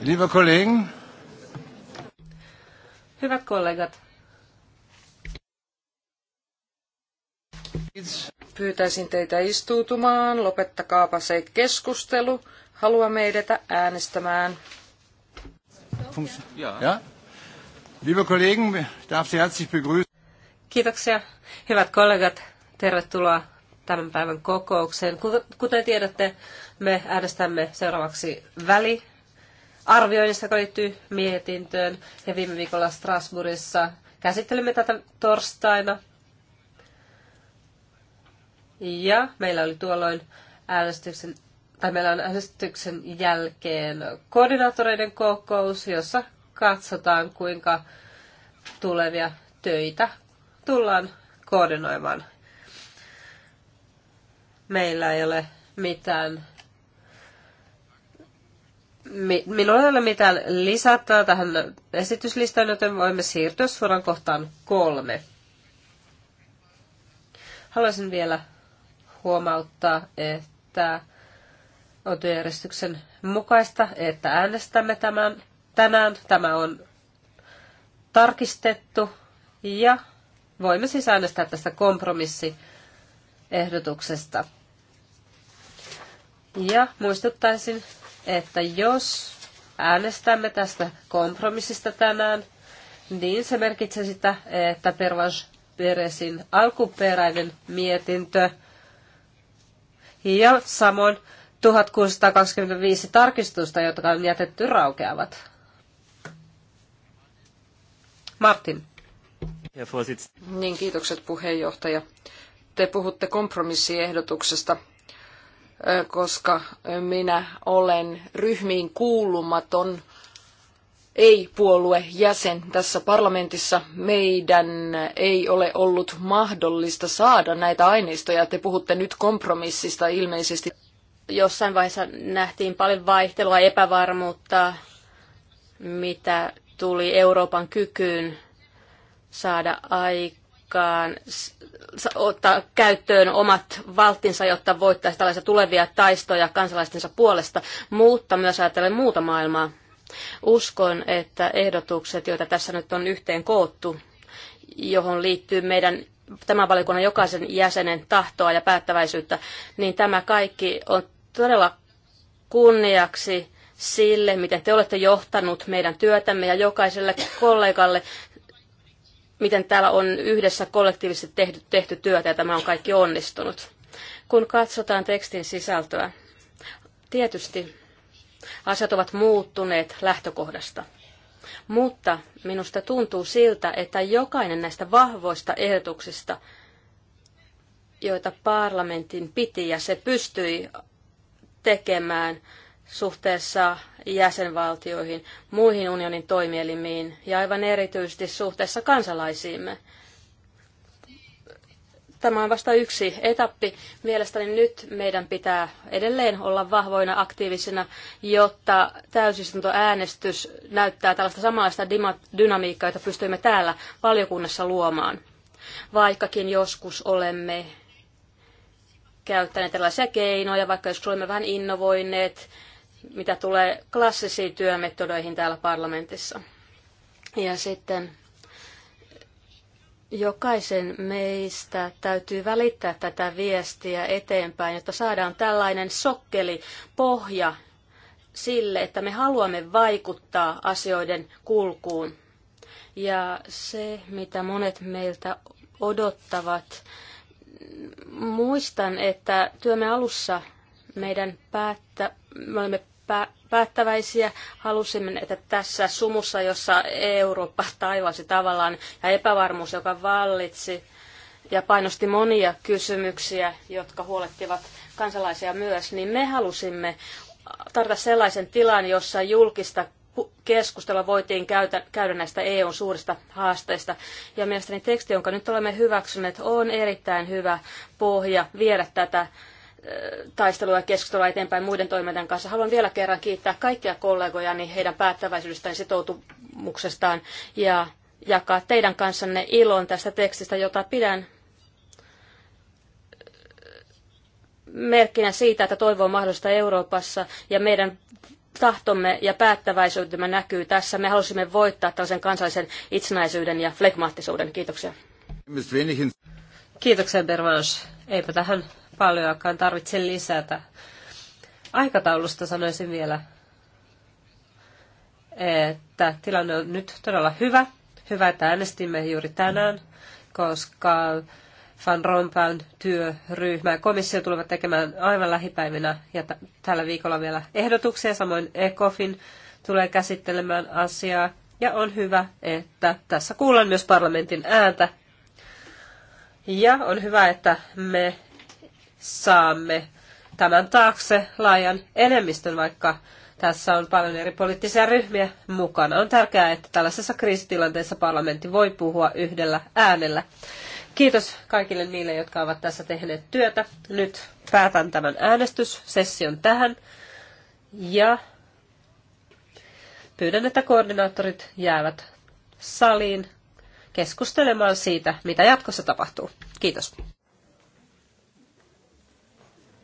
Liebe Kollegen. Hyvät kollegat. Pyytäisin teitä istuutumaan. Lopettakaapa se keskustelu. Haluamme edetä äänestämään. Ja. Liebe Kollegen, darf Sie herzlich begrüßen. Kiitoksia. Hyvät kollegat, tervetuloa tämän päivän kokoukseen. Kuten tiedätte, me äänestämme seuraavaksi väli arvioinnista, joka liittyy mietintöön. Ja viime viikolla Strasbourgissa käsittelimme tätä torstaina. Ja meillä oli tuolloin äänestyksen, tai meillä on äänestyksen jälkeen koordinaattoreiden kokous, jossa katsotaan, kuinka tulevia töitä tullaan koordinoimaan Meillä ei ole mitään Minulla ei ole mitään lisättävää tähän esityslistaan, joten voimme siirtyä suoraan kohtaan kolme. Haluaisin vielä huomauttaa, että on työjärjestyksen mukaista, että äänestämme tämän tänään. Tämä on tarkistettu ja voimme siis äänestää tästä kompromissiehdotuksesta. Ja muistuttaisin, että jos äänestämme tästä kompromissista tänään, niin se merkitsee sitä, että Pervas Peresin alkuperäinen mietintö ja samoin 1625 tarkistusta, jotka on jätetty raukeavat. Martin. Niin, kiitokset puheenjohtaja. Te puhutte kompromissiehdotuksesta koska minä olen ryhmiin kuulumaton ei-puoluejäsen tässä parlamentissa. Meidän ei ole ollut mahdollista saada näitä aineistoja. Te puhutte nyt kompromissista ilmeisesti. Jossain vaiheessa nähtiin paljon vaihtelua, epävarmuutta, mitä tuli Euroopan kykyyn saada aikaan voikaan ottaa käyttöön omat valtinsa, jotta voittaisi tällaisia tulevia taistoja kansalaistensa puolesta, mutta myös ajatellen muuta maailmaa. Uskon, että ehdotukset, joita tässä nyt on yhteen koottu, johon liittyy meidän tämän valiokunnan jokaisen jäsenen tahtoa ja päättäväisyyttä, niin tämä kaikki on todella kunniaksi sille, miten te olette johtanut meidän työtämme ja jokaiselle kollegalle miten täällä on yhdessä kollektiivisesti tehty, tehty työtä ja tämä on kaikki onnistunut. Kun katsotaan tekstin sisältöä, tietysti asiat ovat muuttuneet lähtökohdasta. Mutta minusta tuntuu siltä, että jokainen näistä vahvoista ehdotuksista, joita parlamentin piti ja se pystyi tekemään, suhteessa jäsenvaltioihin, muihin unionin toimielimiin ja aivan erityisesti suhteessa kansalaisiimme. Tämä on vasta yksi etappi. Mielestäni nyt meidän pitää edelleen olla vahvoina aktiivisina, jotta täysistuntoäänestys näyttää tällaista samanlaista dynamiikkaa, jota pystyimme täällä valiokunnassa luomaan. Vaikkakin joskus olemme käyttäneet erilaisia keinoja, vaikka jos olemme vähän innovoineet, mitä tulee klassisiin työmetodoihin täällä parlamentissa. Ja sitten jokaisen meistä täytyy välittää tätä viestiä eteenpäin, jotta saadaan tällainen sokkeli, pohja sille, että me haluamme vaikuttaa asioiden kulkuun. Ja se, mitä monet meiltä odottavat, muistan, että työmme alussa meidän päättä, me olemme päättäväisiä. Halusimme, että tässä sumussa, jossa Eurooppa taivasi tavallaan ja epävarmuus, joka vallitsi ja painosti monia kysymyksiä, jotka huolettivat kansalaisia myös, niin me halusimme tarjota sellaisen tilan, jossa julkista keskustella voitiin käytä, käydä näistä EUn suurista haasteista. Ja mielestäni teksti, jonka nyt olemme hyväksyneet, on erittäin hyvä pohja viedä tätä taistelua ja keskustelua eteenpäin muiden toimijoiden kanssa. Haluan vielä kerran kiittää kaikkia kollegojani heidän päättäväisyydestään ja sitoutumuksestaan ja jakaa teidän kanssanne ilon tästä tekstistä, jota pidän merkkinä siitä, että toivo on mahdollista Euroopassa ja meidän tahtomme ja päättäväisyytemme näkyy tässä. Me halusimme voittaa tällaisen kansallisen itsenäisyyden ja flegmaattisuuden. Kiitoksia. Kiitoksia, Bervans. Eipä tähän paljonkaan tarvitse lisätä. Aikataulusta sanoisin vielä, että tilanne on nyt todella hyvä. Hyvä, että äänestimme juuri tänään, koska Van Rompuyn työryhmä ja komissio tulevat tekemään aivan lähipäivinä ja tällä viikolla vielä ehdotuksia. Samoin ECOFIN tulee käsittelemään asiaa ja on hyvä, että tässä kuullaan myös parlamentin ääntä. Ja on hyvä, että me saamme tämän taakse laajan enemmistön, vaikka tässä on paljon eri poliittisia ryhmiä mukana. On tärkeää, että tällaisessa kriisitilanteessa parlamentti voi puhua yhdellä äänellä. Kiitos kaikille niille, jotka ovat tässä tehneet työtä. Nyt päätän tämän äänestyssession tähän. Ja pyydän, että koordinaattorit jäävät saliin keskustelemaan siitä, mitä jatkossa tapahtuu. Kiitos.